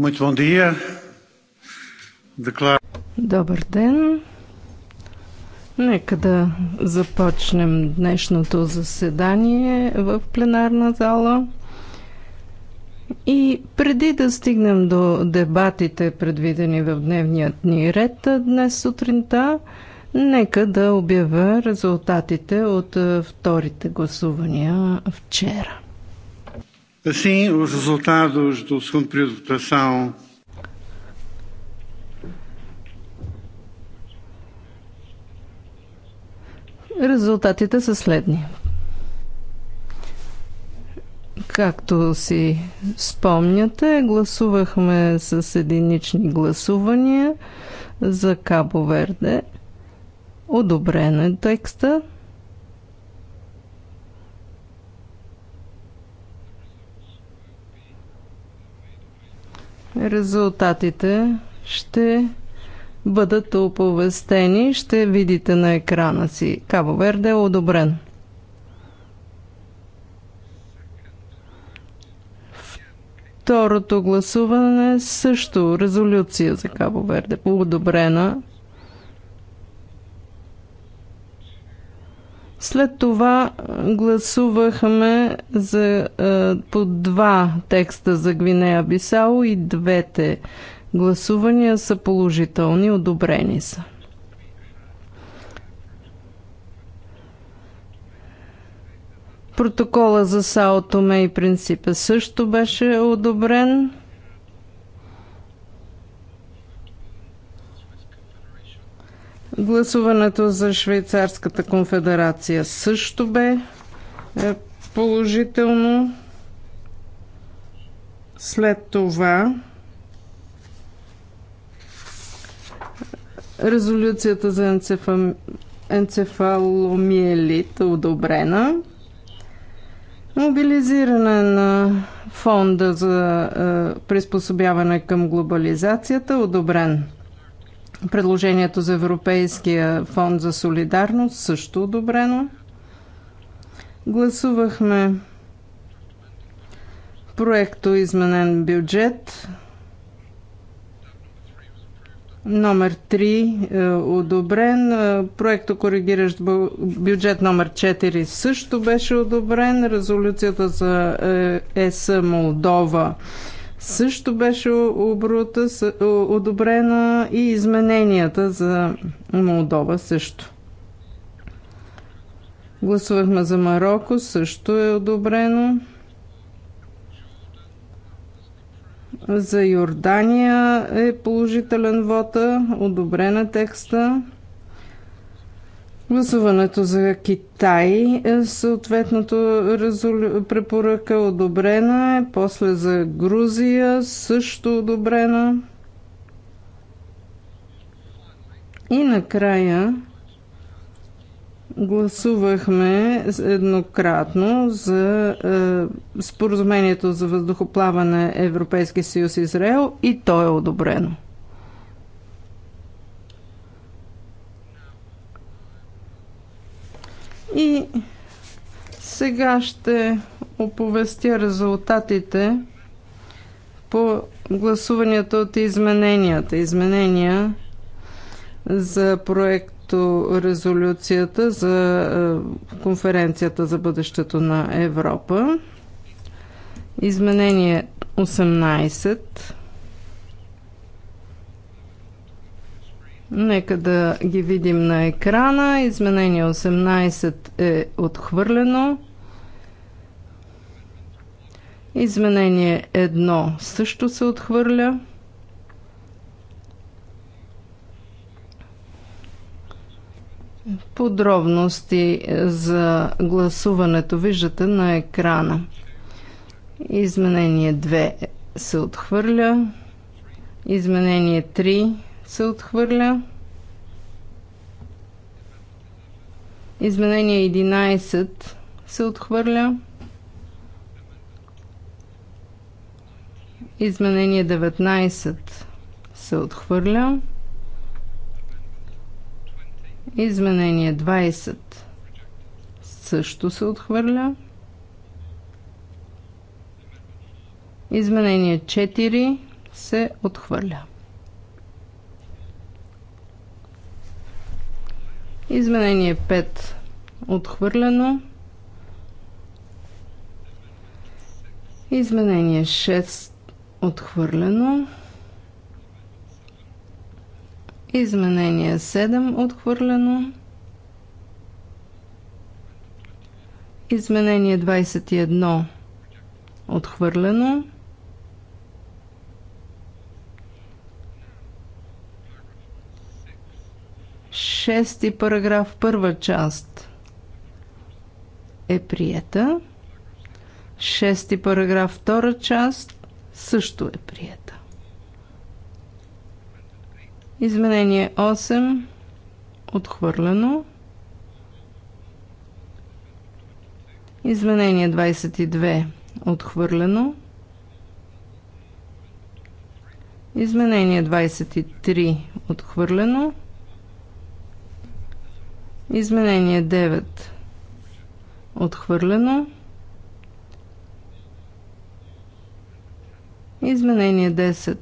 Muito bom dia. Declar... Добър ден. Нека да започнем днешното заседание в пленарна зала. И преди да стигнем до дебатите, предвидени в дневният ни ред днес сутринта, нека да обявя резултатите от вторите гласувания вчера. Assim, os resultados do segundo período de votação. Резултатите са следни. Както си спомняте, гласувахме с единични гласувания за Кабо Верде. Одобрено е текста. Резултатите ще бъдат оповестени. Ще видите на екрана си. Кабо Верде е одобрен. Второто гласуване също резолюция за Кабо Верде, одобрена След това гласувахме за, по два текста за Гвинея Бисао и двете гласувания са положителни, одобрени са. Протокола за Сао Томе и Принципа също беше одобрен. Гласуването за Швейцарската конфедерация също бе е, положително. След това резолюцията за енцефаломиелит одобрена. Мобилизиране на фонда за е, приспособяване към глобализацията одобрен. Предложението за Европейския фонд за солидарност също одобрено. Гласувахме проекто изменен бюджет. Номер 3 е, одобрен. Е, проекто коригиращ бюджет номер 4 също беше одобрен. Резолюцията за е, ЕС Молдова също беше оборота, одобрена и измененията за Молдова също. Гласувахме за Марокко, също е одобрено. За Йордания е положителен вота, одобрена е текста. Гласуването за Китай, е, съответното резолю... препоръка одобрена е, после за Грузия също одобрена. И накрая гласувахме еднократно за е, споразумението за въздухоплаване Европейски съюз Израел и то е одобрено. И сега ще оповестя резултатите по гласуванията от измененията. Изменения за проекто резолюцията за е, конференцията за бъдещето на Европа. Изменение 18 Нека да ги видим на екрана. Изменение 18 е отхвърлено. Изменение 1 също се отхвърля. Подробности за гласуването виждате на екрана. Изменение 2 се отхвърля. Изменение 3 се отхвърля. Изменение 11 се отхвърля. Изменение 19 се отхвърля. Изменение 20 също се отхвърля. Изменение 4 се отхвърля. Изменение 5 отхвърлено. Изменение 6 отхвърлено. Изменение 7 отхвърлено. Изменение 21 отхвърлено. Шести параграф, първа част е приета. Шести параграф, втора част също е приета. Изменение 8 отхвърлено. Изменение 22 отхвърлено. Изменение 23 отхвърлено. Изменение 9. Отхвърлено. Изменение 10.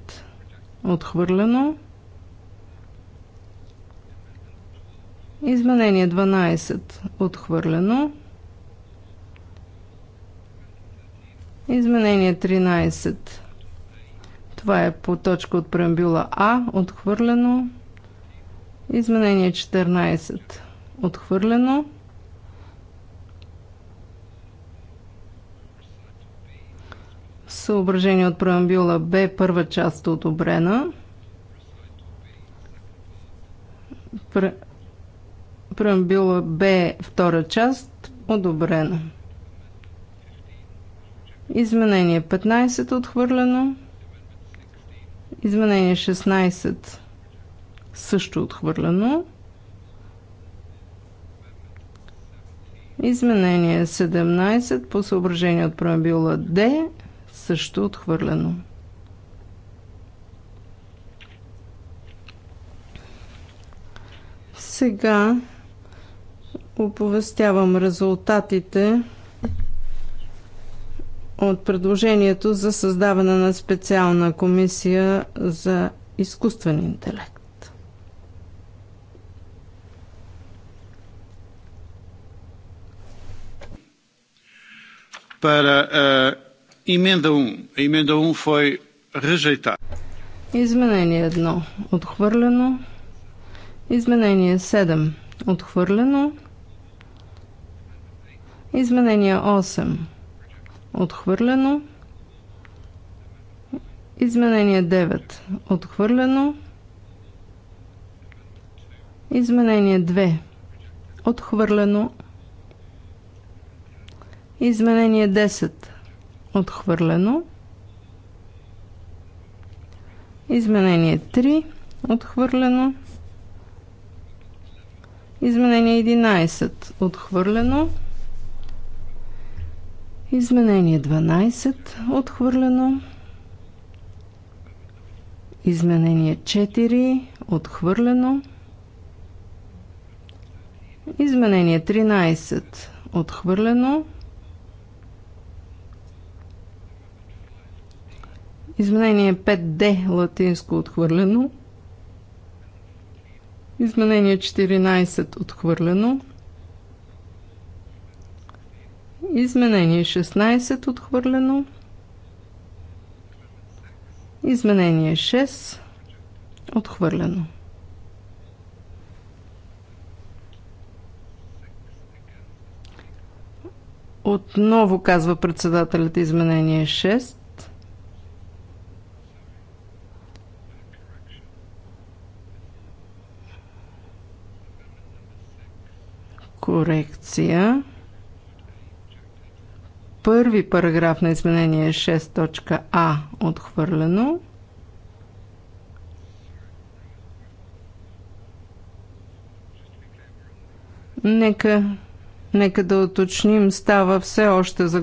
Отхвърлено. Изменение 12. Отхвърлено. Изменение 13. Това е по точка от преамбюла А. Отхвърлено. Изменение 14. Отхвърлено. Съображение от преамбюла Б, първа част е одобрена. Пре... Преамбюла Б, втора част одобрена. Изменение 15 отхвърлено. Изменение 16 също отхвърлено. Изменение 17 по съображение от правила Д също отхвърлено. Сега оповестявам резултатите от предложението за създаване на специална комисия за изкуствен интелект. para a emenda 1. Um. A emenda 1 um foi rejeitada. Изменение 1 отхвърлено. Изменение 7 отхвърлено. Изменение 8 отхвърлено. Изменение 9 отхвърлено. Изменение 2 отхвърлено. Изменение 10 отхвърлено. Изменение 3 отхвърлено. Изменение 11 отхвърлено. Изменение 12 отхвърлено. Изменение 4 отхвърлено. Изменение 13 отхвърлено. Изменение 5D латинско отхвърлено. Изменение 14 отхвърлено. Изменение 16 отхвърлено. Изменение 6 отхвърлено. Отново казва председателят изменение 6. корекция. Първи параграф на изменение 6.а е отхвърлено. Нека, нека да уточним, става все още за, е,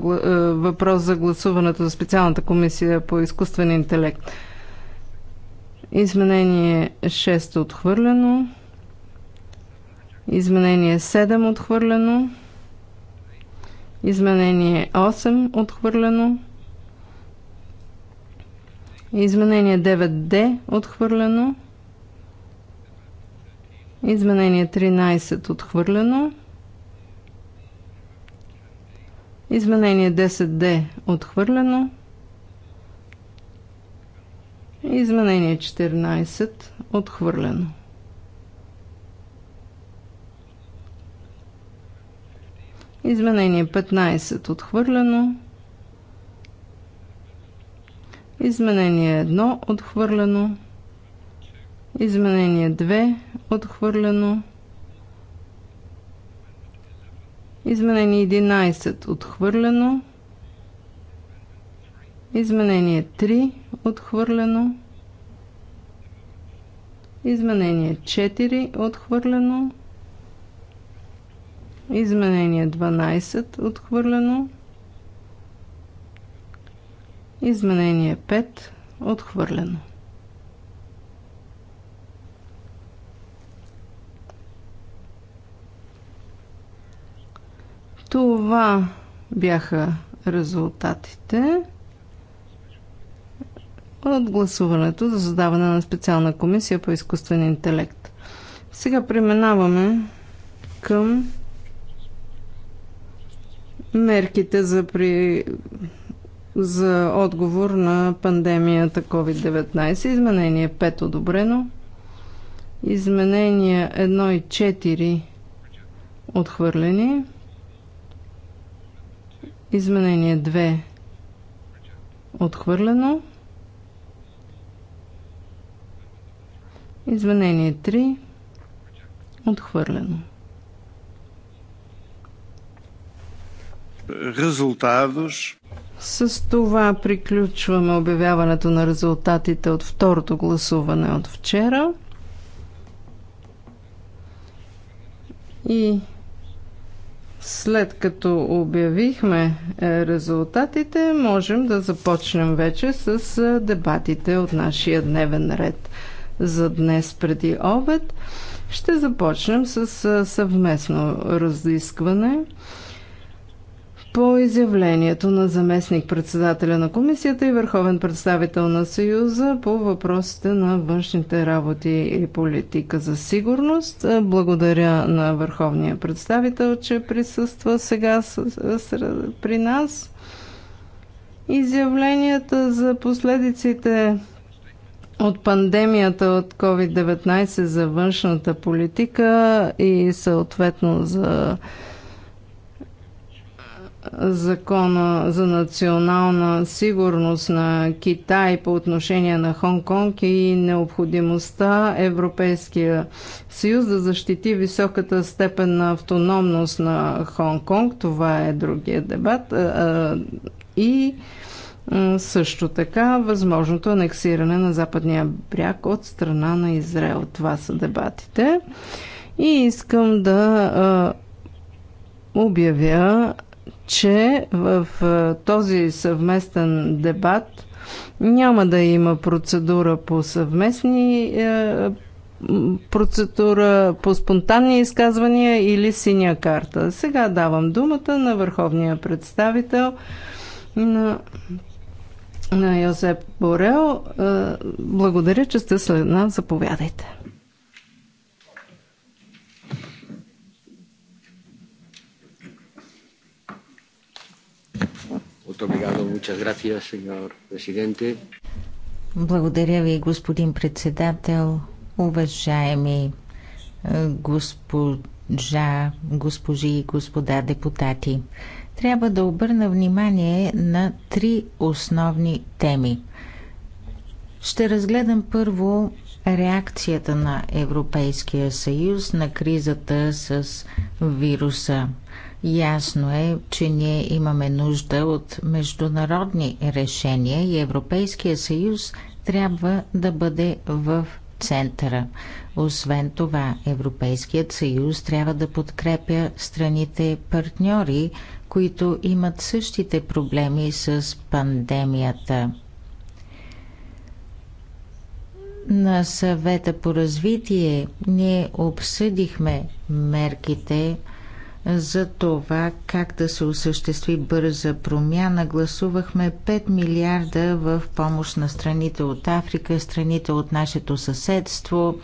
въпрос за гласуването за специалната комисия по изкуствен интелект. Изменение 6 е отхвърлено. Изменение 7 отхвърлено. Изменение 8 отхвърлено. Изменение 9D отхвърлено. Изменение 13 отхвърлено. Изменение 10D отхвърлено. Изменение 14 отхвърлено. Изменение 15 отхвърлено. Изменение 1 отхвърлено. Изменение 2 отхвърлено. Изменение 11 отхвърлено. Изменение 3 отхвърлено. Изменение 4 отхвърлено. Изменение 12 отхвърлено. Изменение 5 отхвърлено. Това бяха резултатите от гласуването за задаване на специална комисия по изкуствен интелект. Сега преминаваме към мерките за, при... за отговор на пандемията COVID-19. Изменение 5 одобрено. Изменения 1 и 4 отхвърлени. Изменение 2 отхвърлено. Изменение 3 отхвърлено. resultados. С това приключваме обявяването на резултатите от второто гласуване от вчера. И след като обявихме е, резултатите, можем да започнем вече с е, дебатите от нашия дневен ред за днес преди обед. Ще започнем с е, съвместно разискване по изявлението на заместник-председателя на комисията и върховен представител на Съюза по въпросите на външните работи и политика за сигурност. Благодаря на върховния представител, че присъства сега при нас. Изявленията за последиците от пандемията от COVID-19 за външната политика и съответно за закона за национална сигурност на Китай по отношение на Хонг-Конг и необходимостта Европейския съюз да защити високата степен на автономност на Хонг-Конг. Това е другия дебат. И също така възможното анексиране на западния бряг от страна на Израел. Това са дебатите. И искам да обявя че в този съвместен дебат няма да има процедура по съвместни е, процедура по спонтанни изказвания или синя карта. Сега давам думата на върховния представител на, на Йосеп Борел. Е, благодаря, че сте след нас. Заповядайте. Благодаря ви, господин председател. Уважаеми е, госпожа, госпожи и господа депутати, трябва да обърна внимание на три основни теми. Ще разгледам първо реакцията на Европейския съюз на кризата с вируса – Ясно е, че ние имаме нужда от международни решения и Европейския съюз трябва да бъде в центъра. Освен това, Европейският съюз трябва да подкрепя страните партньори, които имат същите проблеми с пандемията. На съвета по развитие ние обсъдихме мерките, за това как да се осъществи бърза промяна. Гласувахме 5 милиарда в помощ на страните от Африка, страните от нашето съседство.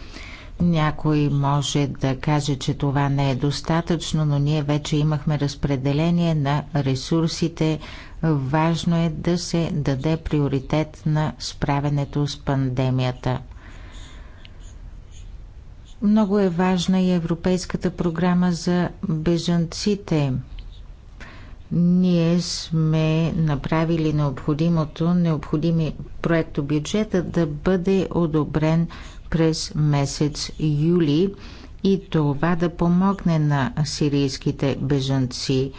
Някой може да каже, че това не е достатъчно, но ние вече имахме разпределение на ресурсите. Важно е да се даде приоритет на справенето с пандемията. Много е важна и Европейската програма за бежанците. Ние сме направили необходимото, необходими проекто бюджета да бъде одобрен през месец юли и това да помогне на сирийските бежанци.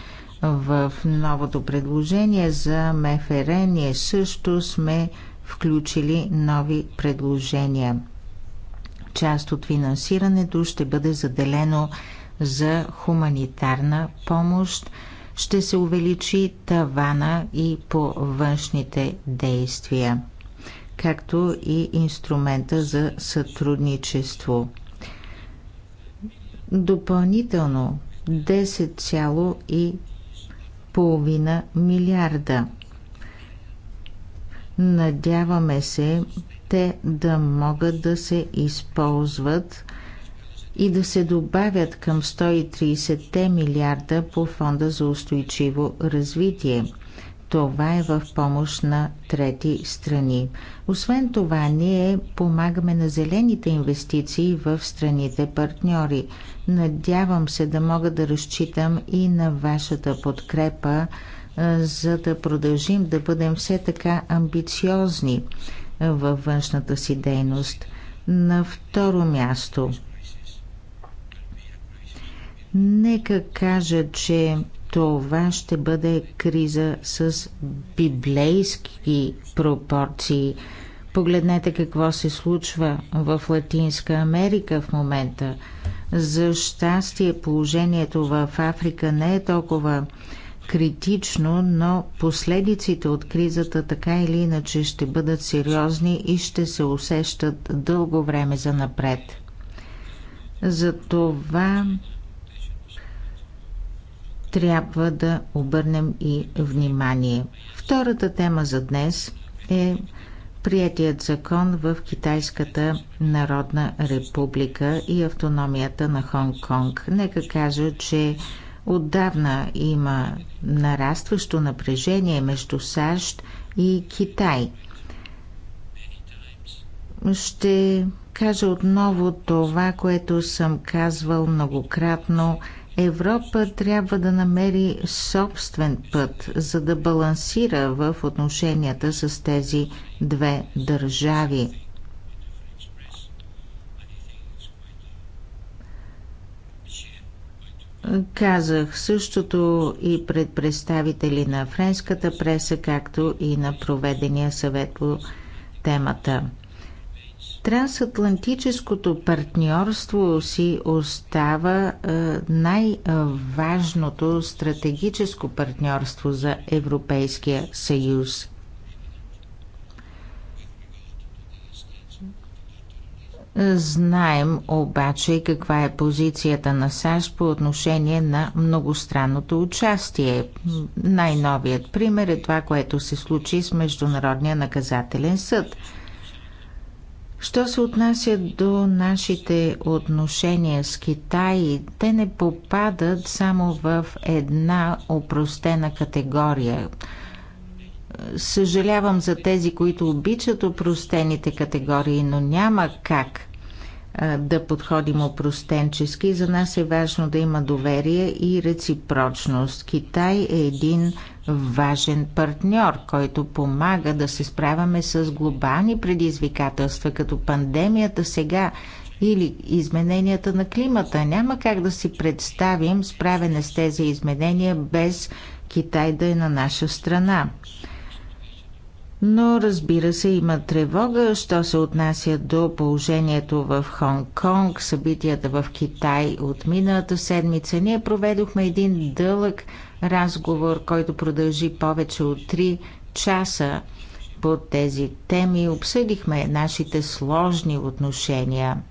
В новото предложение за МФР ние също сме включили нови предложения – Част от финансирането ще бъде заделено за хуманитарна помощ. Ще се увеличи тавана и по външните действия, както и инструмента за сътрудничество. Допълнително 10,5 милиарда Надяваме се те да могат да се използват и да се добавят към 130 милиарда по Фонда за устойчиво развитие. Това е в помощ на трети страни. Освен това, ние помагаме на зелените инвестиции в страните партньори. Надявам се да мога да разчитам и на вашата подкрепа, за да продължим да бъдем все така амбициозни във външната си дейност. На второ място, нека кажа, че това ще бъде криза с библейски пропорции. Погледнете какво се случва в Латинска Америка в момента. За щастие положението в Африка не е толкова критично, но последиците от кризата така или иначе ще бъдат сериозни и ще се усещат дълго време за напред. Затова трябва да обърнем и внимание. Втората тема за днес е приятият закон в Китайската Народна република и автономията на Хонг Конг. Нека кажа, че Отдавна има нарастващо напрежение между САЩ и Китай. Ще кажа отново това, което съм казвал многократно. Европа трябва да намери собствен път, за да балансира в отношенията с тези две държави. Казах същото и пред представители на френската преса, както и на проведения съвет по темата. Трансатлантическото партньорство си остава е, най-важното стратегическо партньорство за Европейския съюз. Знаем обаче каква е позицията на САЩ по отношение на многостранното участие. Най-новият пример е това, което се случи с Международния наказателен съд. Що се отнася до нашите отношения с Китай, те не попадат само в една опростена категория – Съжалявам за тези, които обичат опростените категории, но няма как да подходим опростенчески. За нас е важно да има доверие и реципрочност. Китай е един важен партньор, който помага да се справяме с глобални предизвикателства, като пандемията сега или измененията на климата. Няма как да си представим справяне с тези изменения без Китай да е на наша страна но разбира се има тревога, що се отнася до положението в Хонг-Конг, събитията в Китай от миналата седмица. Ние проведохме един дълъг разговор, който продължи повече от 3 часа по тези теми. Обсъдихме нашите сложни отношения.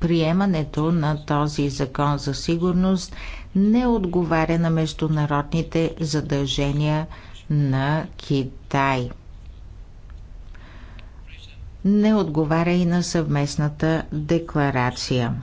Приемането на този закон за сигурност не отговаря на международните задължения – на Китай. Не отговаря и на съвместната декларация.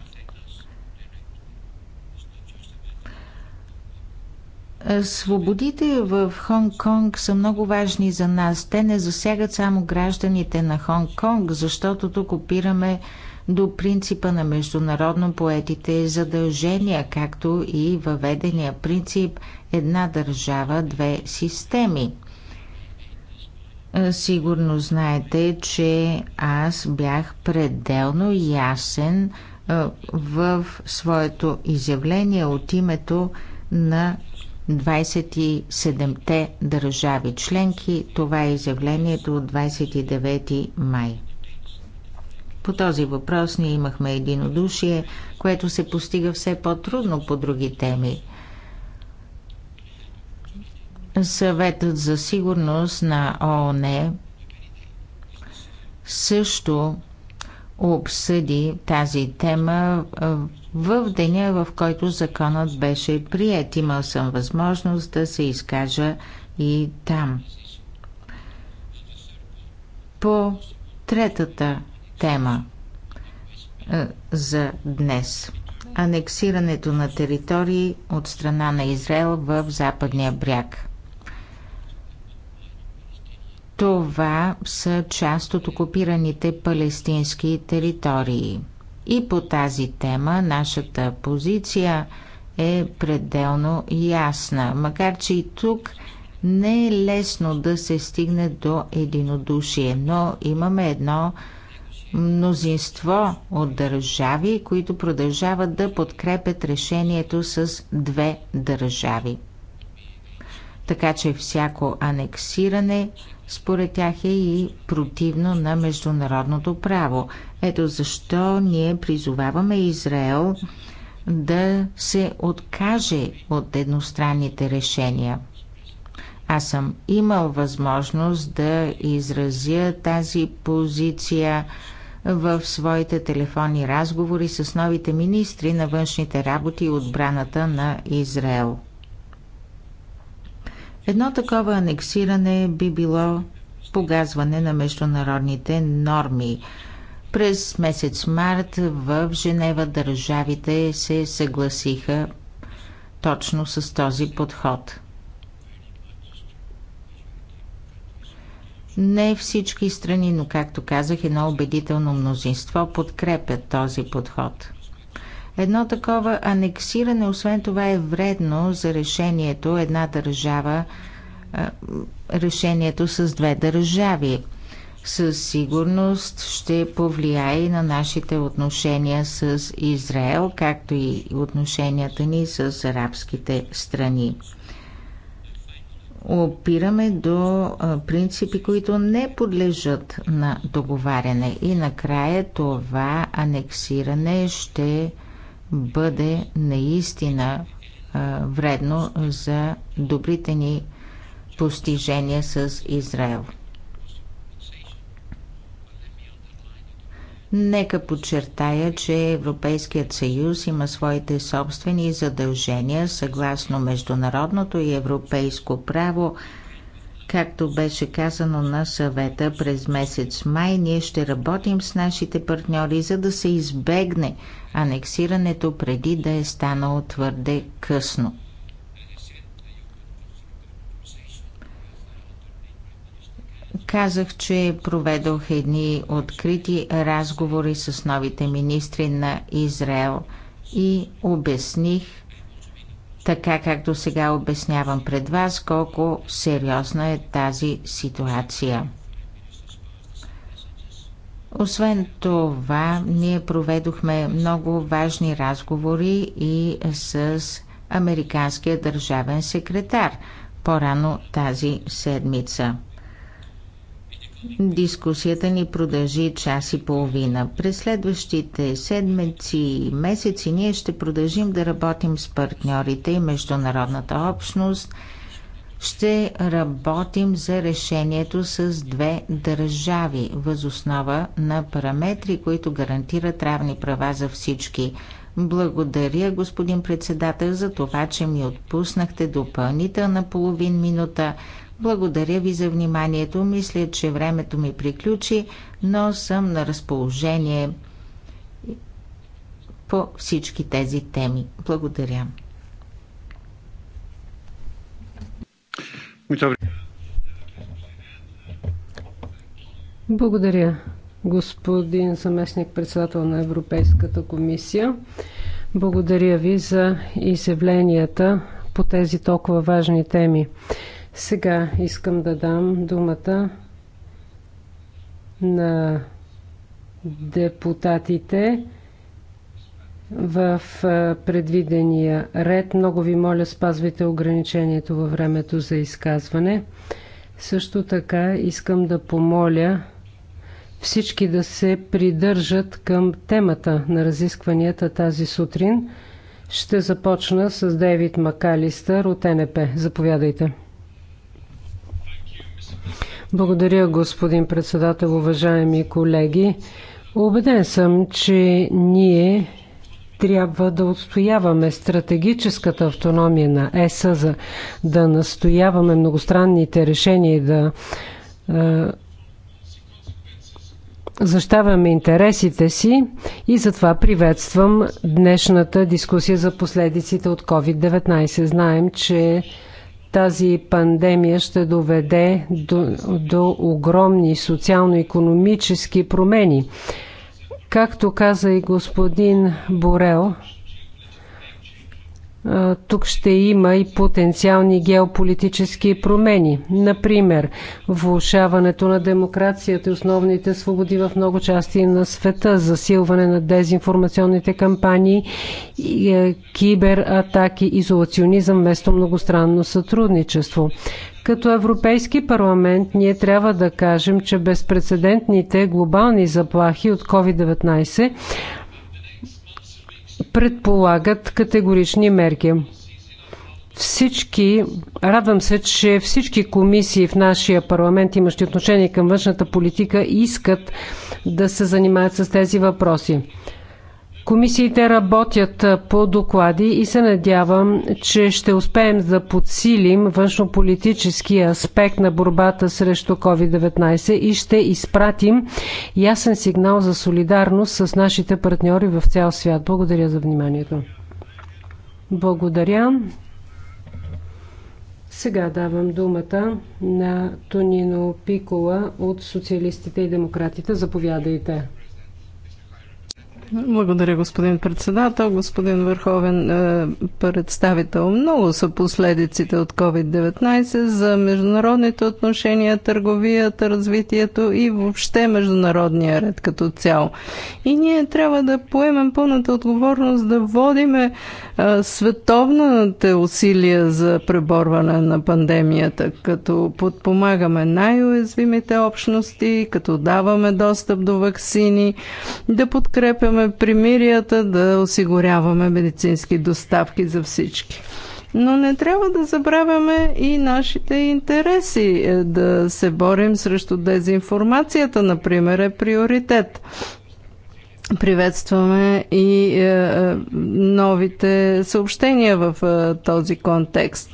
Свободите в Хонг-Конг са много важни за нас. Те не засягат само гражданите на Хонг-Конг, защото тук опираме до принципа на международно поетите задължения, както и въведения принцип една държава, две системи. Сигурно знаете, че аз бях пределно ясен в своето изявление от името на 27-те държави членки. Това е изявлението от 29 май. По този въпрос ние имахме единодушие, което се постига все по-трудно по други теми. Съветът за сигурност на ООН също обсъди тази тема в деня, в който законът беше прият. Имал съм възможност да се изкажа и там. По третата тема е, за днес. Анексирането на територии от страна на Израел в Западния бряг. Това са част от окупираните палестински територии. И по тази тема нашата позиция е пределно ясна, макар че и тук не е лесно да се стигне до единодушие, но имаме едно мнозинство от държави, които продължават да подкрепят решението с две държави. Така че всяко анексиране според тях е и противно на международното право. Ето защо ние призоваваме Израел да се откаже от едностранните решения. Аз съм имал възможност да изразя тази позиция в своите телефонни разговори с новите министри на външните работи и отбраната на Израел. Едно такова анексиране би било погазване на международните норми. През месец март в Женева държавите се съгласиха точно с този подход – Не всички страни, но както казах, едно убедително мнозинство подкрепят този подход. Едно такова анексиране, освен това, е вредно за решението една държава, решението с две държави. Със сигурност ще повлияе и на нашите отношения с Израел, както и отношенията ни с арабските страни опираме до принципи, които не подлежат на договаряне. И накрая това анексиране ще бъде наистина вредно за добрите ни постижения с Израел. Нека подчертая, че Европейският съюз има своите собствени задължения съгласно международното и европейско право. Както беше казано на съвета през месец май, ние ще работим с нашите партньори, за да се избегне анексирането преди да е станало твърде късно. Казах, че проведох едни открити разговори с новите министри на Израел и обясних, така както сега обяснявам пред вас, колко сериозна е тази ситуация. Освен това, ние проведохме много важни разговори и с американския държавен секретар по-рано тази седмица. Дискусията ни продължи час и половина. През следващите седмици и месеци ние ще продължим да работим с партньорите и международната общност. Ще работим за решението с две държави, възоснова на параметри, които гарантират равни права за всички. Благодаря, господин председател, за това, че ми отпуснахте допълнителна половин минута благодаря ви за вниманието. Мисля, че времето ми приключи, но съм на разположение по всички тези теми. Благодаря. Благодаря, господин заместник председател на Европейската комисия. Благодаря ви за изявленията по тези толкова важни теми. Сега искам да дам думата на депутатите в предвидения ред. Много ви моля, спазвайте ограничението във времето за изказване. Също така искам да помоля всички да се придържат към темата на разискванията тази сутрин. Ще започна с Дейвид Макалистър от НП. Заповядайте. Благодаря, господин председател, уважаеми колеги. Обеден съм, че ние трябва да отстояваме стратегическата автономия на ЕСА, за да настояваме многостранните решения и да защаваме интересите си и затова приветствам днешната дискусия за последиците от COVID-19. Знаем, че тази пандемия ще доведе до, до огромни социално-економически промени. Както каза и господин Борел, тук ще има и потенциални геополитически промени. Например, влушаването на демокрацията и основните свободи в много части на света, засилване на дезинформационните кампании, е, кибератаки, изолационизъм вместо многостранно сътрудничество. Като Европейски парламент ние трябва да кажем, че безпредседентните глобални заплахи от COVID-19 предполагат категорични мерки. Всички, радвам се, че всички комисии в нашия парламент, имащи отношение към външната политика, искат да се занимаят с тези въпроси. Комисиите работят по доклади и се надявам, че ще успеем да подсилим външнополитическия аспект на борбата срещу COVID-19 и ще изпратим ясен сигнал за солидарност с нашите партньори в цял свят. Благодаря за вниманието. Благодаря. Сега давам думата на Тонино Пикола от Социалистите и Демократите. Заповядайте. Благодаря, господин председател, господин върховен е, представител. Много са последиците от COVID-19 за международните отношения, търговията, развитието и въобще международния ред като цяло. И ние трябва да поемем пълната отговорност да водиме световните усилия за преборване на пандемията, като подпомагаме най-уязвимите общности, като даваме достъп до вакцини, да подкрепяме гарантираме примирията, да осигуряваме медицински доставки за всички. Но не трябва да забравяме и нашите интереси. Е, да се борим срещу дезинформацията, например, е приоритет. Приветстваме и е, е, новите съобщения в този контекст.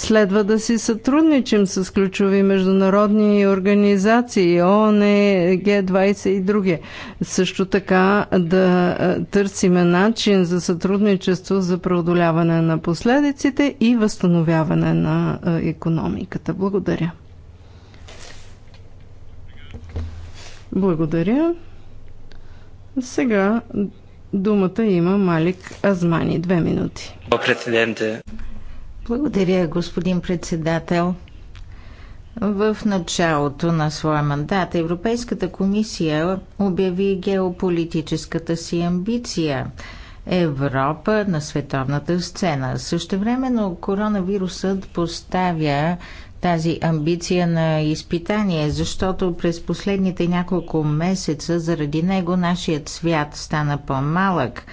Следва да си сътрудничим с ключови международни организации, ООН, Г20 и други. Също така да търсиме начин за сътрудничество за преодоляване на последиците и възстановяване на економиката. Благодаря. Благодаря. Сега думата има Малик Азмани. Две минути. Благодаря, господин председател. В началото на своя мандат Европейската комисия обяви геополитическата си амбиция Европа на световната сцена. времено коронавирусът поставя тази амбиция на изпитание, защото през последните няколко месеца заради него нашият свят стана по-малък –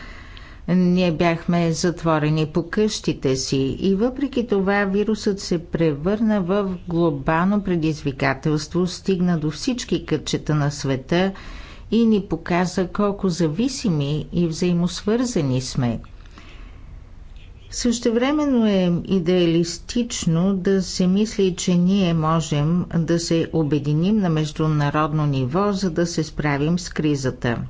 ние бяхме затворени по къщите си и въпреки това вирусът се превърна в глобално предизвикателство, стигна до всички кътчета на света и ни показа колко зависими и взаимосвързани сме. Същевременно е идеалистично да се мисли, че ние можем да се обединим на международно ниво, за да се справим с кризата –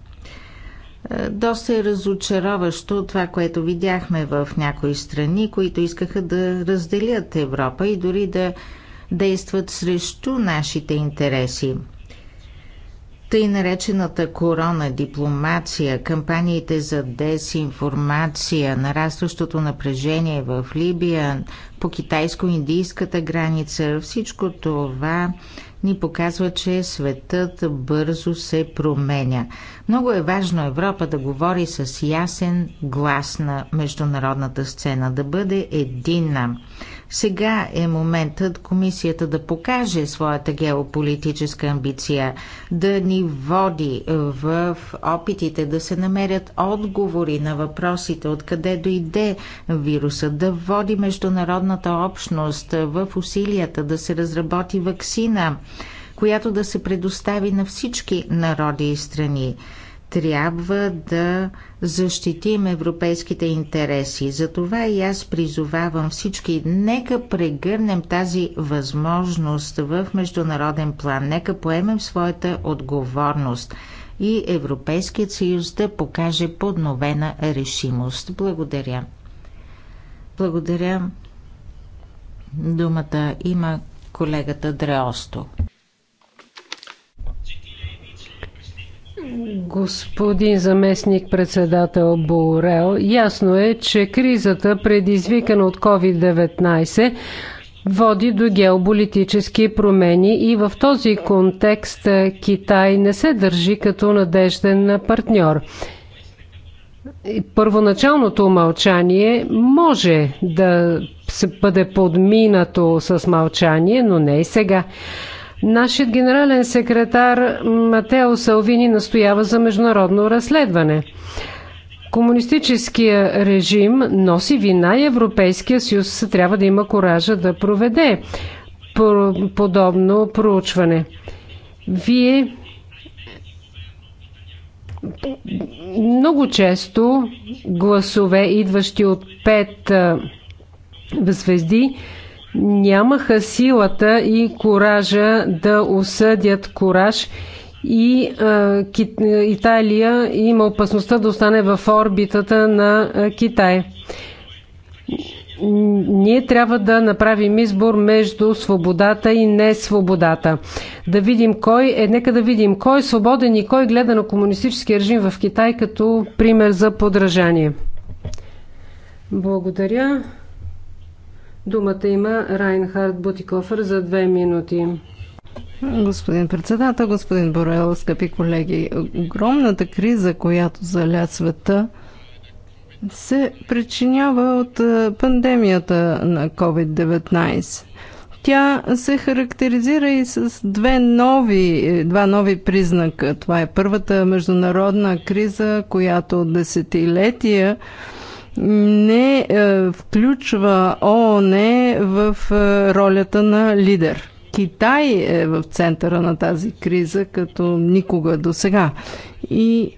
доста е разочароващо това, което видяхме в някои страни, които искаха да разделят Европа и дори да действат срещу нашите интереси. Тъй наречената корона дипломация, кампаниите за дезинформация, нарастващото напрежение в Либия, по китайско-индийската граница, всичко това – ни показва, че светът бързо се променя. Много е важно Европа да говори с ясен глас на международната сцена, да бъде единна. Сега е моментът комисията да покаже своята геополитическа амбиция, да ни води е, в опитите да се намерят отговори на въпросите откъде дойде вируса, да води международната общност е, в усилията да се разработи вакцина, която да се предостави на всички народи и страни трябва да защитим европейските интереси. Затова и аз призовавам всички, нека прегърнем тази възможност в международен план, нека поемем своята отговорност и Европейският съюз да покаже подновена решимост. Благодаря. Благодаря. Думата има колегата Дреосто. Господин заместник председател Борел, ясно е, че кризата, предизвикана от COVID-19, води до геополитически промени и в този контекст Китай не се държи като надежден партньор. Първоначалното мълчание може да се бъде подминато с мълчание, но не и сега. Нашият генерален секретар Матео Салвини настоява за международно разследване. Комунистическия режим носи вина и Европейския съюз трябва да има коража да проведе подобно проучване. Вие много често гласове, идващи от пет звезди, нямаха силата и коража да осъдят кораж и а, Италия има опасността да остане в орбитата на Китай. Ние трябва да направим избор между свободата и несвободата. Да видим кой е, нека да видим кой е свободен и кой гледа на комунистическия режим в Китай като пример за подражание. Благодаря. Думата има Райнхард Бутикофър за две минути. Господин председател, господин Борел, скъпи колеги, огромната криза, която заля света, се причинява от е, пандемията на COVID-19. Тя се характеризира и с две нови, е, два нови признака. Това е първата международна криза, която от десетилетия не е, включва ООН в е, ролята на лидер. Китай е в центъра на тази криза като никога до сега. И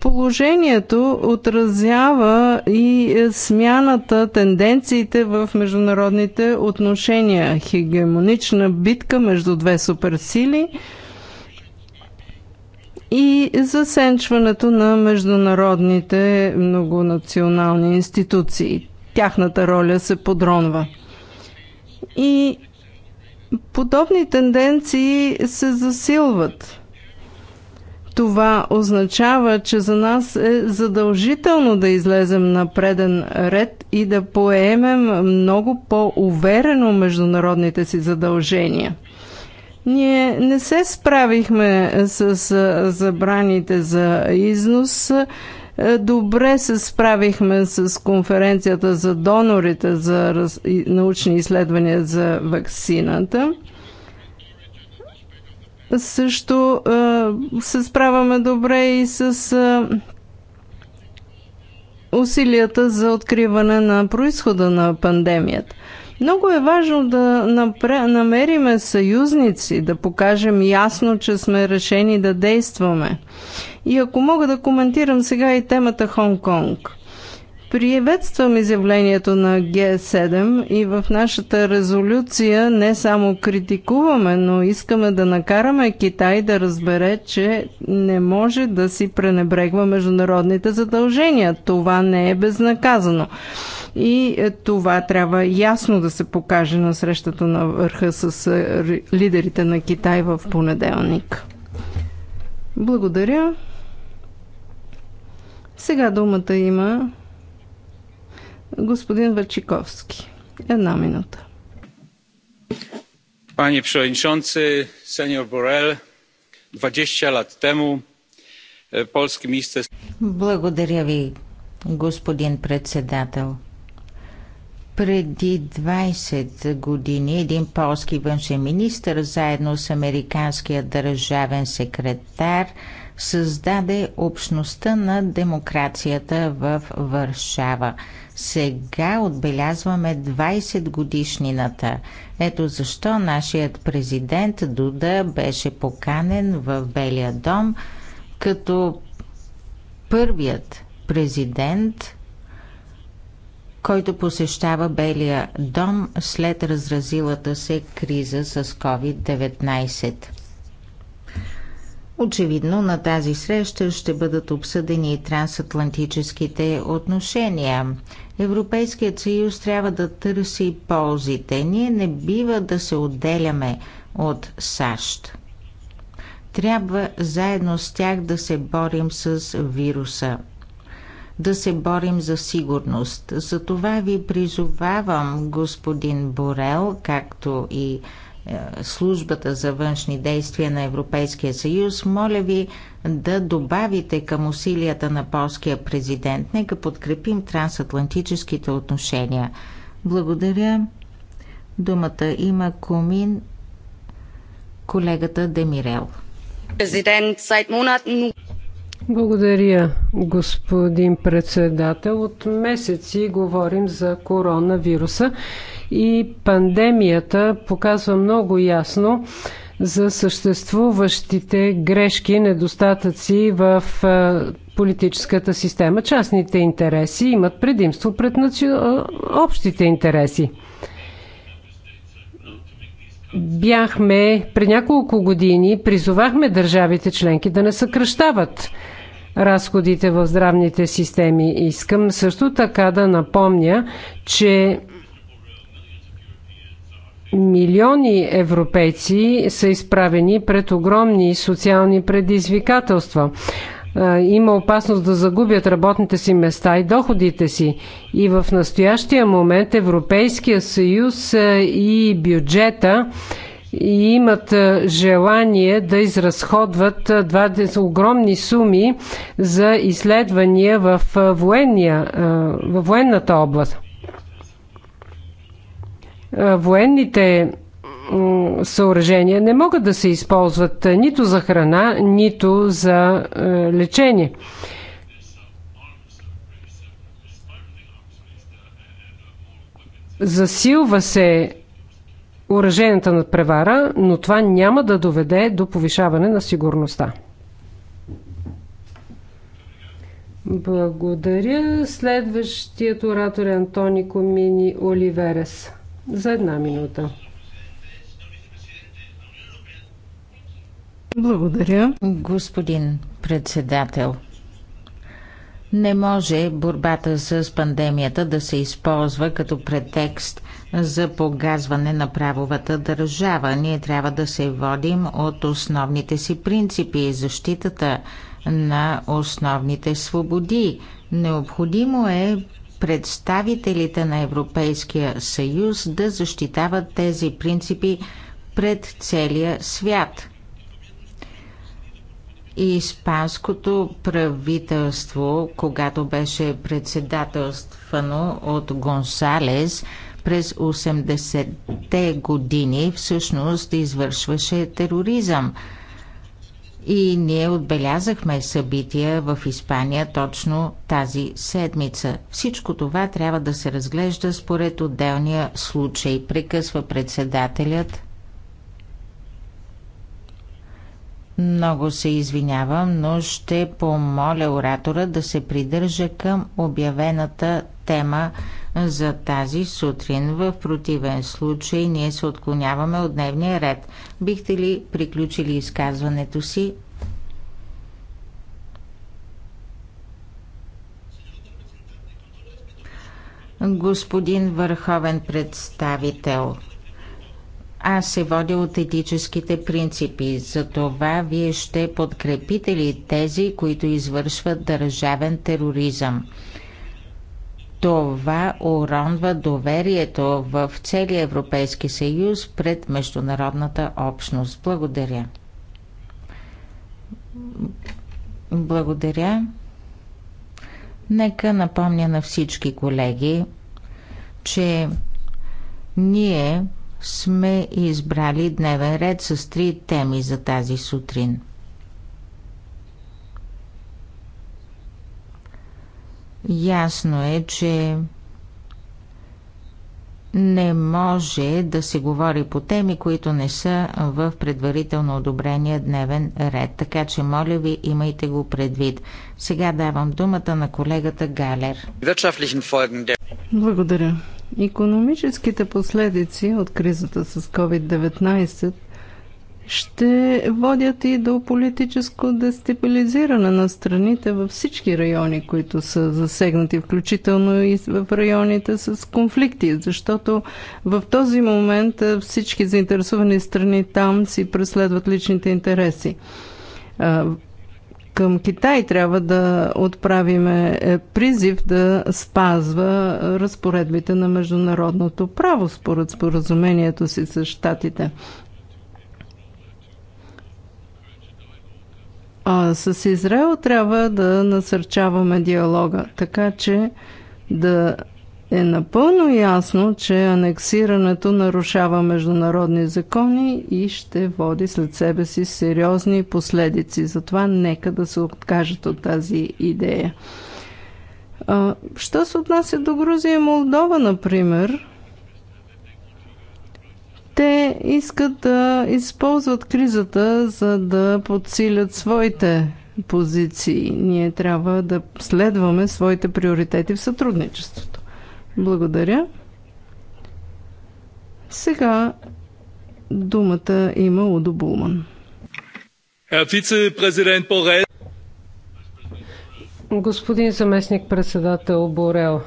положението отразява и смяната, тенденциите в международните отношения. Хегемонична битка между две суперсили – и засенчването на международните многонационални институции. Тяхната роля се подронва. И подобни тенденции се засилват. Това означава, че за нас е задължително да излезем на преден ред и да поемем много по-уверено международните си задължения. Ние не се справихме с забраните за износ. Добре се справихме с конференцията за донорите за научни изследвания за вакцината. Също се справяме добре и с усилията за откриване на происхода на пандемията. Много е важно да намериме съюзници, да покажем ясно, че сме решени да действаме. И ако мога да коментирам сега и темата Хонг-Конг. Приветствам изявлението на Г7 и в нашата резолюция не само критикуваме, но искаме да накараме Китай да разбере, че не може да си пренебрегва международните задължения. Това не е безнаказано. И е, това трябва ясно да се покаже на срещата на върха с е, лидерите на Китай в понеделник. Благодаря. Сега думата има господин Вачиковски. Една минута. Panie przewodniczący, senior Borel, 20 lat temu polski minister. Благодаря ви, господин председател. Преди 20 години един полски външен министр заедно с американския държавен секретар създаде общността на демокрацията в Варшава. Сега отбелязваме 20 годишнината. Ето защо нашият президент Дуда беше поканен в Белия дом като първият президент който посещава Белия дом след разразилата се криза с COVID-19. Очевидно на тази среща ще бъдат обсъдени и трансатлантическите отношения. Европейският съюз трябва да търси ползите. Ние не бива да се отделяме от САЩ. Трябва заедно с тях да се борим с вируса – да се борим за сигурност. За това ви призовавам, господин Борел, както и е, службата за външни действия на Европейския съюз, моля ви да добавите към усилията на полския президент. Нека подкрепим трансатлантическите отношения. Благодаря. Думата има Комин, колегата Демирел. Президент, Сайт благодаря, господин председател. От месеци говорим за коронавируса и пандемията показва много ясно за съществуващите грешки, недостатъци в политическата система. Частните интереси имат предимство пред общите интереси бяхме при няколко години, призовахме държавите членки да не съкръщават разходите в здравните системи. Искам също така да напомня, че милиони европейци са изправени пред огромни социални предизвикателства има опасност да загубят работните си места и доходите си. И в настоящия момент Европейския съюз и бюджета и имат желание да изразходват огромни суми за изследвания в, военния, в военната област. Военните съоръжения не могат да се използват е, нито за храна, нито за е, лечение. Засилва се уражената превара, но това няма да доведе до повишаване на сигурността. Благодаря. Следващият оратор е Антони Комини Оливерес. За една минута. Благодаря. Господин председател, не може борбата с пандемията да се използва като претекст за погазване на правовата държава. Ние трябва да се водим от основните си принципи и защитата на основните свободи. Необходимо е представителите на Европейския съюз да защитават тези принципи пред целия свят – и испанското правителство, когато беше председателствано от Гонсалес през 80-те години, всъщност извършваше тероризъм. И ние отбелязахме събития в Испания точно тази седмица. Всичко това трябва да се разглежда според отделния случай, прекъсва председателят. Много се извинявам, но ще помоля оратора да се придържа към обявената тема за тази сутрин. В противен случай ние се отклоняваме от дневния ред. Бихте ли приключили изказването си? Господин върховен представител, аз се водя от етическите принципи. За това вие ще подкрепите ли тези, които извършват държавен тероризъм? Това уронва доверието в целия Европейски съюз пред международната общност. Благодаря. Благодаря. Нека напомня на всички колеги, че ние сме избрали дневен ред с три теми за тази сутрин. Ясно е, че не може да се говори по теми, които не са в предварително одобрения дневен ред. Така че, моля ви, имайте го предвид. Сега давам думата на колегата Галер. Благодаря. Економическите последици от кризата с COVID-19 ще водят и до политическо дестабилизиране на страните във всички райони, които са засегнати, включително и в районите с конфликти, защото в този момент всички заинтересовани страни там си преследват личните интереси към Китай трябва да отправиме е, призив да спазва е, разпоредбите на международното право според споразумението си с щатите. А с Израел трябва да насърчаваме диалога, така че да е напълно ясно, че анексирането нарушава международни закони и ще води след себе си сериозни последици. Затова нека да се откажат от тази идея. Що се отнася до Грузия и Молдова, например, те искат да използват кризата, за да подсилят своите позиции. Ние трябва да следваме своите приоритети в сътрудничеството. Благодаря. Сега думата има Удо Булман. Господин заместник председател Борел,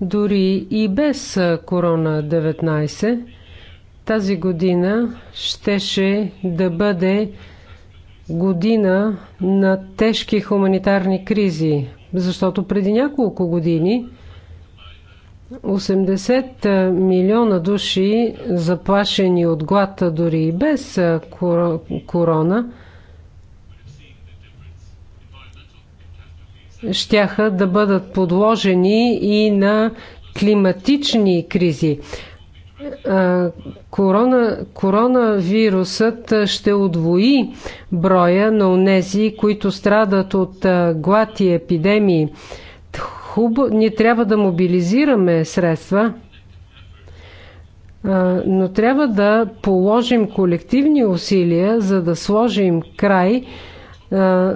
дори и без корона-19, тази година щеше да бъде година на тежки хуманитарни кризи, защото преди няколко години 80 милиона души, заплашени от глад, дори и без корона, щяха да бъдат подложени и на климатични кризи. Корона, коронавирусът ще удвои броя на онези, които страдат от глад и епидемии хубаво, ние трябва да мобилизираме средства, но трябва да положим колективни усилия, за да сложим край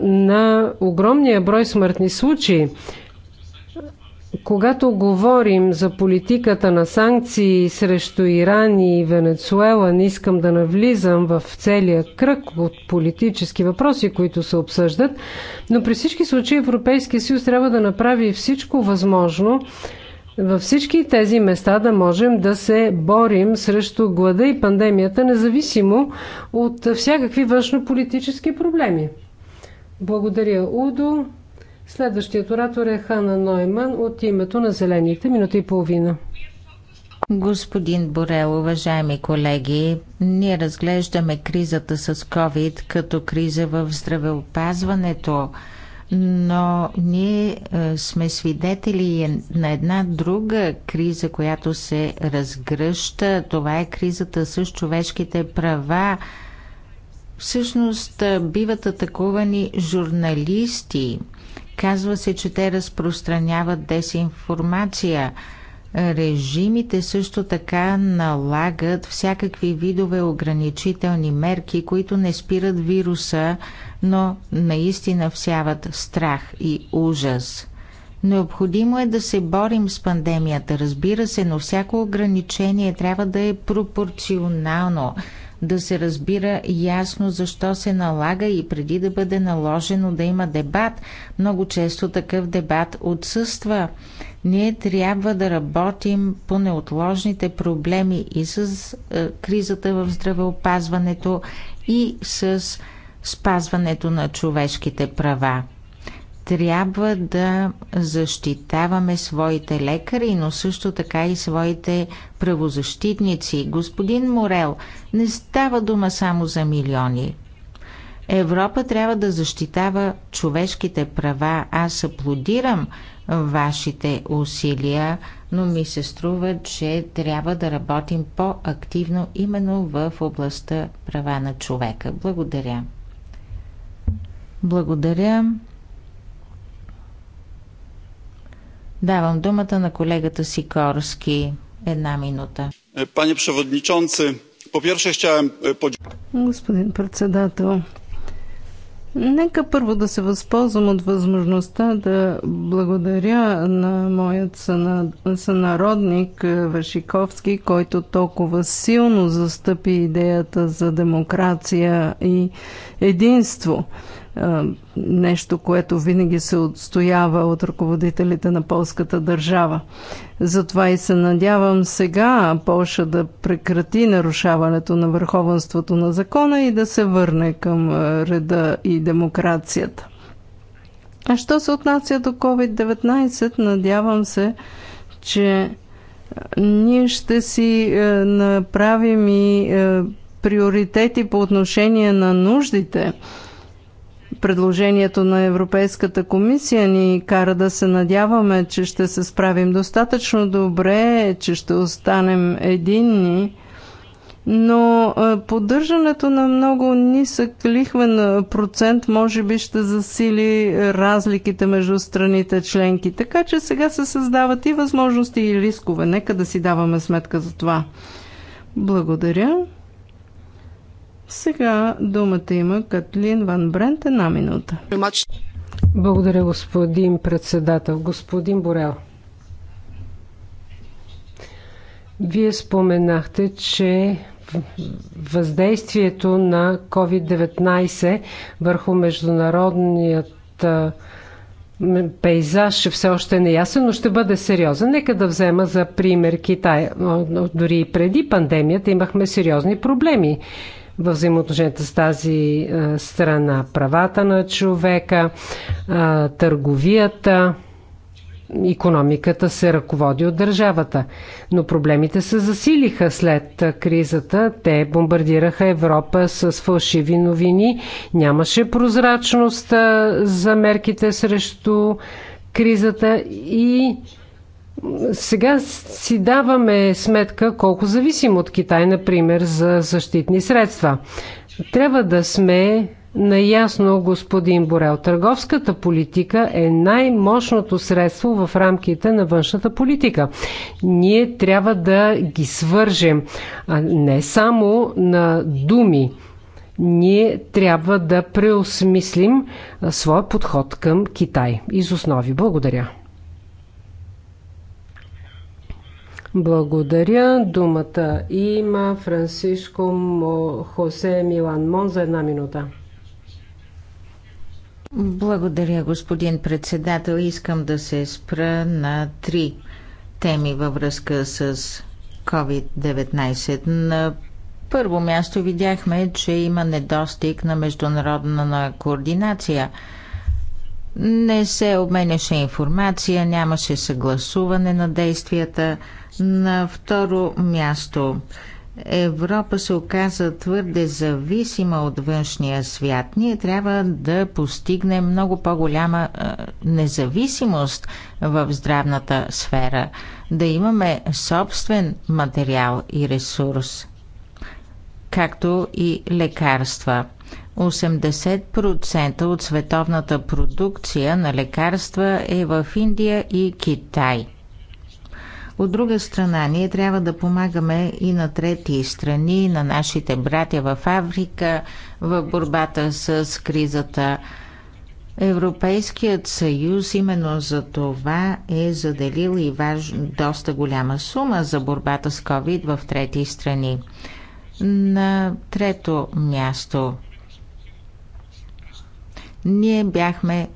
на огромния брой смъртни случаи. Когато говорим за политиката на санкции срещу Иран и Венецуела, не искам да навлизам в целия кръг от политически въпроси, които се обсъждат, но при всички случаи Европейския съюз трябва да направи всичко възможно във всички тези места да можем да се борим срещу глада и пандемията, независимо от всякакви външно-политически проблеми. Благодаря, Удо. Следващият оратор е Хана Нойман от името на Зелените. Минута и половина. Господин Борел, уважаеми колеги, ние разглеждаме кризата с COVID като криза в здравеопазването, но ние е, сме свидетели на една друга криза, която се разгръща. Това е кризата с човешките права. Всъщност е, биват атакувани журналисти – Казва се, че те разпространяват дезинформация. Режимите също така налагат всякакви видове ограничителни мерки, които не спират вируса, но наистина всяват страх и ужас. Необходимо е да се борим с пандемията, разбира се, но всяко ограничение трябва да е пропорционално да се разбира ясно защо се налага и преди да бъде наложено да има дебат. Много често такъв дебат отсъства. Ние трябва да работим по неотложните проблеми и с е, кризата в здравеопазването, и с спазването на човешките права трябва да защитаваме своите лекари, но също така и своите правозащитници. Господин Морел, не става дума само за милиони. Европа трябва да защитава човешките права. Аз аплодирам вашите усилия, но ми се струва, че трябва да работим по-активно именно в областта права на човека. Благодаря. Благодаря. Давам думата на колегата Сикорски. Една минута. Пане Przewodniczący, по pierwsze chciałem е, Господин председател, нека първо да се възползвам от възможността да благодаря на моят сънародник е, Вашиковски, който толкова силно застъпи идеята за демокрация и единство. Е, нещо, което винаги се отстоява от ръководителите на полската държава. Затова и се надявам сега Полша да прекрати нарушаването на върховенството на закона и да се върне към е, реда и демокрацията. А що се отнася до COVID-19, надявам се, че е, ние ще си направим и приоритети по отношение на нуждите предложението на Европейската комисия ни кара да се надяваме, че ще се справим достатъчно добре, че ще останем единни. Но поддържането на много нисък лихвен процент може би ще засили разликите между страните членки. Така че сега се създават и възможности и рискове. Нека да си даваме сметка за това. Благодаря. Сега думата има Катлин Ван Брент една минута. Благодаря, господин председател. Господин Борел. Вие споменахте, че въздействието на COVID-19 върху международният пейзаж е все още не ясен, но ще бъде сериозен. Нека да взема за пример Китай. Дори преди пандемията имахме сериозни проблеми във взаимоотношенията с тази е, страна. Правата на човека, е, търговията, економиката се ръководи от държавата. Но проблемите се засилиха след кризата. Те бомбардираха Европа с фалшиви новини. Нямаше прозрачност е, за мерките срещу кризата и сега си даваме сметка колко зависим от Китай, например, за защитни средства. Трябва да сме наясно, господин Борел. Търговската политика е най-мощното средство в рамките на външната политика. Ние трябва да ги свържем а не само на думи. Ние трябва да преосмислим своя подход към Китай. Из основи. Благодаря. Благодаря. Думата има Франциско Хосе Милан Мон за една минута. Благодаря, господин председател. Искам да се спра на три теми във връзка с COVID-19. На първо място видяхме, че има недостиг на международна координация – не се обменяше информация, нямаше съгласуване на действията. На второ място Европа се оказа твърде зависима от външния свят. Ние трябва да постигнем много по-голяма независимост в здравната сфера, да имаме собствен материал и ресурс, както и лекарства – 80% от световната продукция на лекарства е в Индия и Китай. От друга страна, ние трябва да помагаме и на трети страни, на нашите братя в Африка, в борбата с кризата. Европейският съюз именно за това е заделил и важ... доста голяма сума за борбата с COVID в трети страни. На трето място – ние бяхме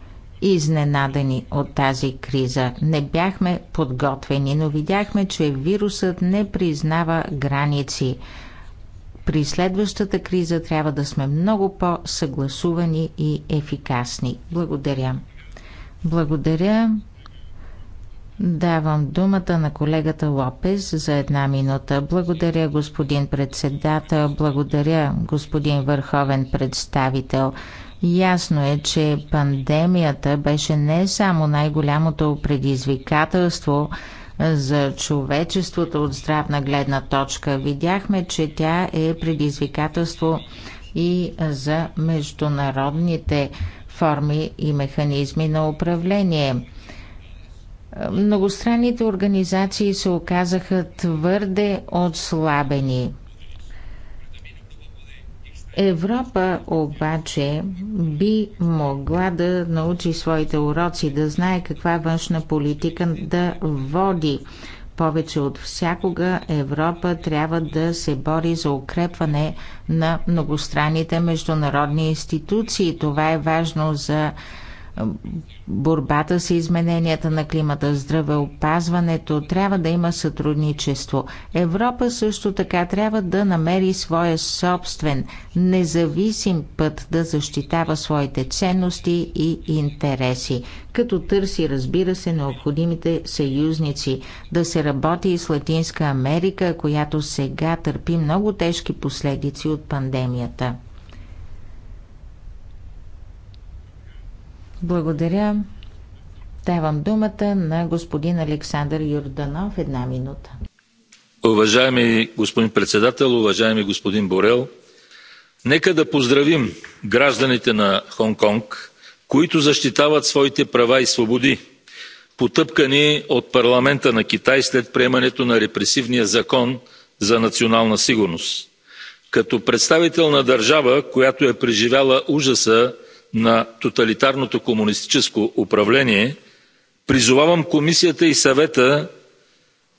изненадани от тази криза. Не бяхме подготвени, но видяхме, че вирусът не признава граници. При следващата криза трябва да сме много по-съгласувани и ефикасни. Благодаря. Благодаря. Давам думата на колегата Лопес за една минута. Благодаря, господин председател. Благодаря, господин върховен представител. Ясно е, че пандемията беше не само най-голямото предизвикателство за човечеството от здравна гледна точка. Видяхме, че тя е предизвикателство и за международните форми и механизми на управление. Многостранните организации се оказаха твърде отслабени. Европа обаче би могла да научи своите уроци, да знае каква е външна политика да води. Повече от всякога Европа трябва да се бори за укрепване на многостранните международни институции. Това е важно за борбата с измененията на климата, здравеопазването, трябва да има сътрудничество. Европа също така трябва да намери своя собствен, независим път да защитава своите ценности и интереси, като търси, разбира се, необходимите съюзници, да се работи и с Латинска Америка, която сега търпи много тежки последици от пандемията. Благодаря. Давам думата на господин Александър Юрданов. Една минута. Уважаеми господин председател, уважаеми господин Борел, нека да поздравим гражданите на Хонг Конг, които защитават своите права и свободи, потъпкани от парламента на Китай след приемането на репресивния закон за национална сигурност. Като представител на държава, която е преживяла ужаса на тоталитарното комунистическо управление, призовавам комисията и съвета,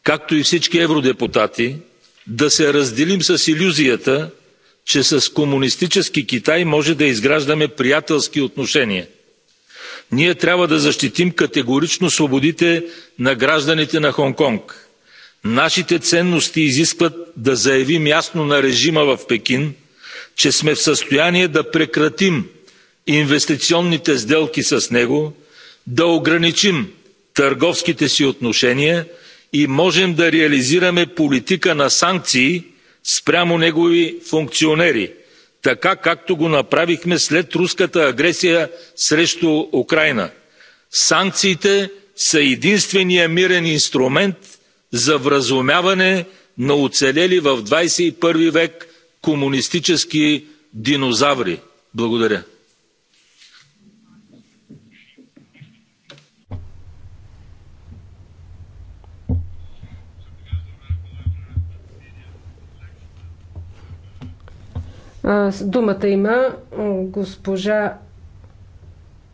както и всички евродепутати, да се разделим с иллюзията, че с комунистически Китай може да изграждаме приятелски отношения. Ние трябва да защитим категорично свободите на гражданите на Хонг Конг. Нашите ценности изискват да заявим ясно на режима в Пекин, че сме в състояние да прекратим инвестиционните сделки с него, да ограничим търговските си отношения и можем да реализираме политика на санкции спрямо негови функционери, така както го направихме след руската агресия срещу Украйна. Санкциите са единствения мирен инструмент за вразумяване на оцелели в 21 век комунистически динозаври. Благодаря. Думата има госпожа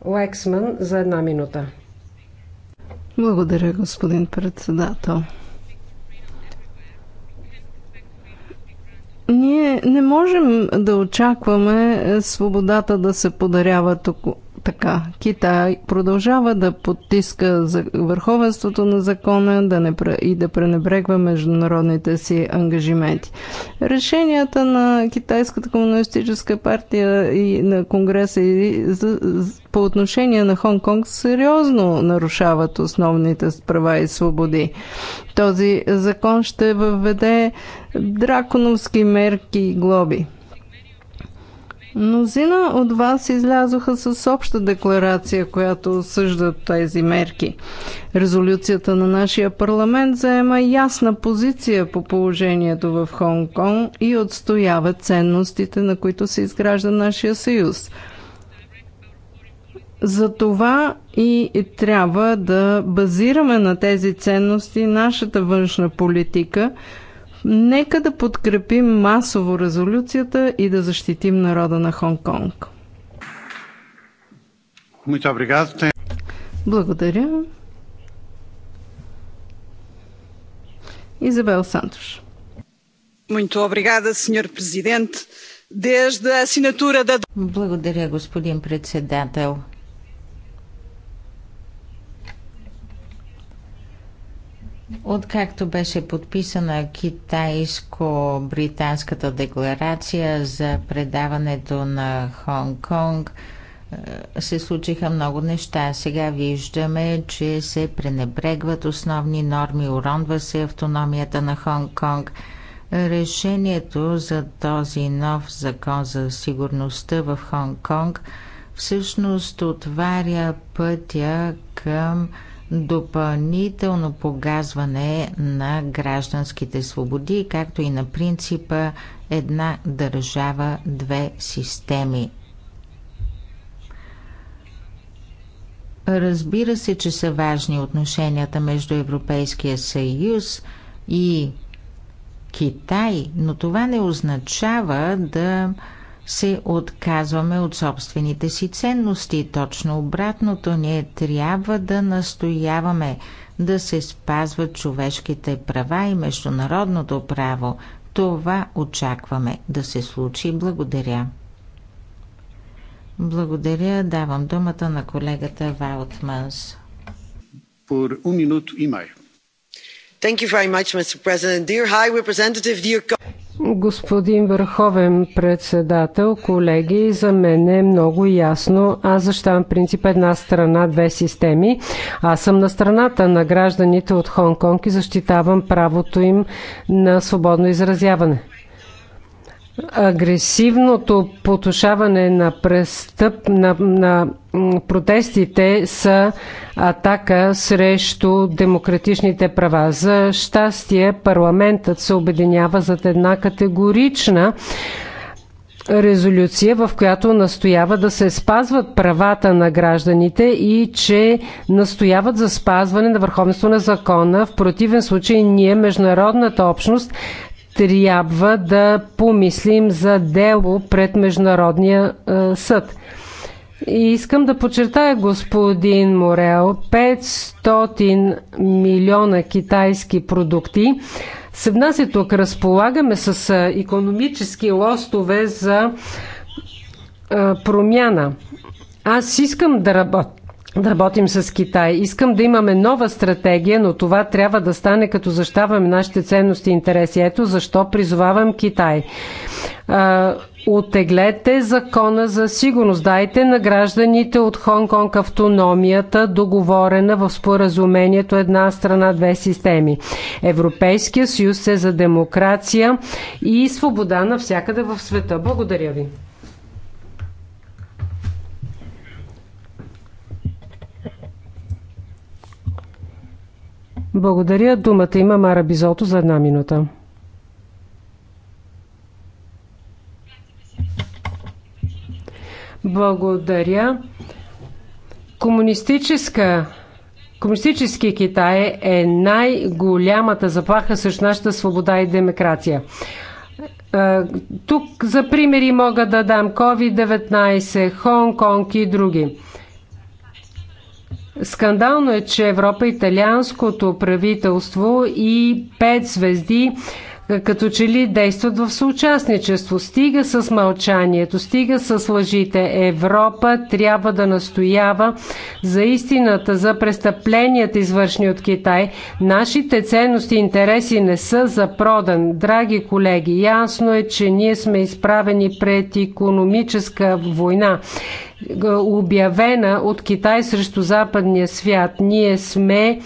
Лексман за една минута. Благодаря, господин председател. Ние не можем да очакваме свободата да се подарява тук така. Китай продължава да потиска върховенството на закона да не, и да пренебрегва международните си ангажименти. Решенията на Китайската комунистическа партия и на Конгреса и за, по отношение на Хонг-Конг сериозно нарушават основните права и свободи. Този закон ще въведе драконовски мерки и глоби. Мнозина от вас излязоха с обща декларация, която осъжда тези мерки. Резолюцията на нашия парламент заема ясна позиция по положението в Хонг-Конг и отстоява ценностите, на които се изгражда нашия съюз. За това и трябва да базираме на тези ценности нашата външна политика – Нека да подкрепим масово резолюцията и да защитим народа на Хонг-Конг. Благодаря. Изабел Сантош. Muito obrigada, Sr. Presidente. Desde a assinatura da... Благодаря, господин председател. Откакто беше подписана китайско-британската декларация за предаването на Хонг-Конг, е, се случиха много неща. Сега виждаме, че се пренебрегват основни норми, уронва се автономията на Хонг-Конг. Решението за този нов закон за сигурността в Хонг-Конг всъщност отваря пътя към допълнително погазване на гражданските свободи, както и на принципа една държава, две системи. Разбира се, че са важни отношенията между Европейския съюз и Китай, но това не означава да се отказваме от собствените си ценности. Точно обратното, ние трябва да настояваме да се спазват човешките права и международното право. Това очакваме да се случи. Благодаря. Благодаря. Давам думата на колегата Ваутманс. Пор um minuto Thank you very much, Mr. President. Dear High Representative, dear Господин Върховен председател, колеги, за мен е много ясно. Аз защитавам принцип една страна, две системи. Аз съм на страната на гражданите от Хонг-Конг и защитавам правото им на свободно изразяване агресивното потушаване на престъп на, на протестите са атака срещу демократичните права. За щастие парламентът се обединява зад една категорична резолюция, в която настоява да се спазват правата на гражданите и че настояват за спазване на върховенство на закона. В противен случай ние, международната общност, трябва да помислим за дело пред Международния е, съд. И искам да подчертая, господин Морел, 500 милиона китайски продукти се внася е тук. Разполагаме с економически лостове за е, промяна. Аз искам да работя да работим с Китай. Искам да имаме нова стратегия, но това трябва да стане като защаваме нашите ценности и интереси. Ето защо призовавам Китай. Отеглете закона за сигурност. Дайте на гражданите от Хонг-Конг автономията, договорена в споразумението една страна, две системи. Европейския съюз е за демокрация и свобода навсякъде в света. Благодаря ви. Благодаря. Думата има Мара Бизото за една минута. Благодаря. Комунистическа Комунистически Китай е най-голямата заплаха срещу нашата свобода и демокрация. Е, тук за примери мога да дам COVID-19, Хонг-Конг и други. Скандално е, че Европа, италианското правителство и пет звезди като че ли действат в съучастничество. Стига с мълчанието, стига с лъжите. Европа трябва да настоява за истината, за престъпленията, извършни от Китай. Нашите ценности и интереси не са за продан. Драги колеги, ясно е, че ние сме изправени пред економическа война обявена от Китай срещу западния свят. Ние сме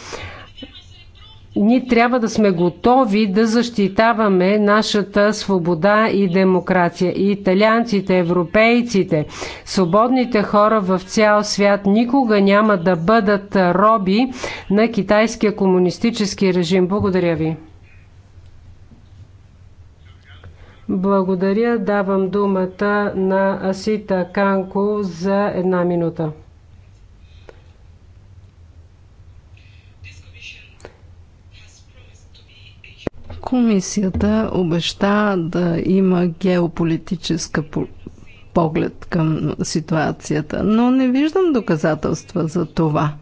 ние трябва да сме готови да защитаваме нашата свобода и демокрация. И италианците, европейците, свободните хора в цял свят никога няма да бъдат роби на китайския комунистически режим. Благодаря ви. Благодаря. Давам думата на Асита Канко за една минута. Комисията обеща да има геополитическа поглед към ситуацията, но не виждам доказателства за това.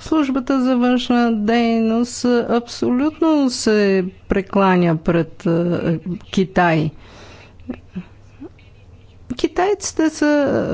Службата за външна дейност абсолютно се прекланя пред е, Китай. Китайците са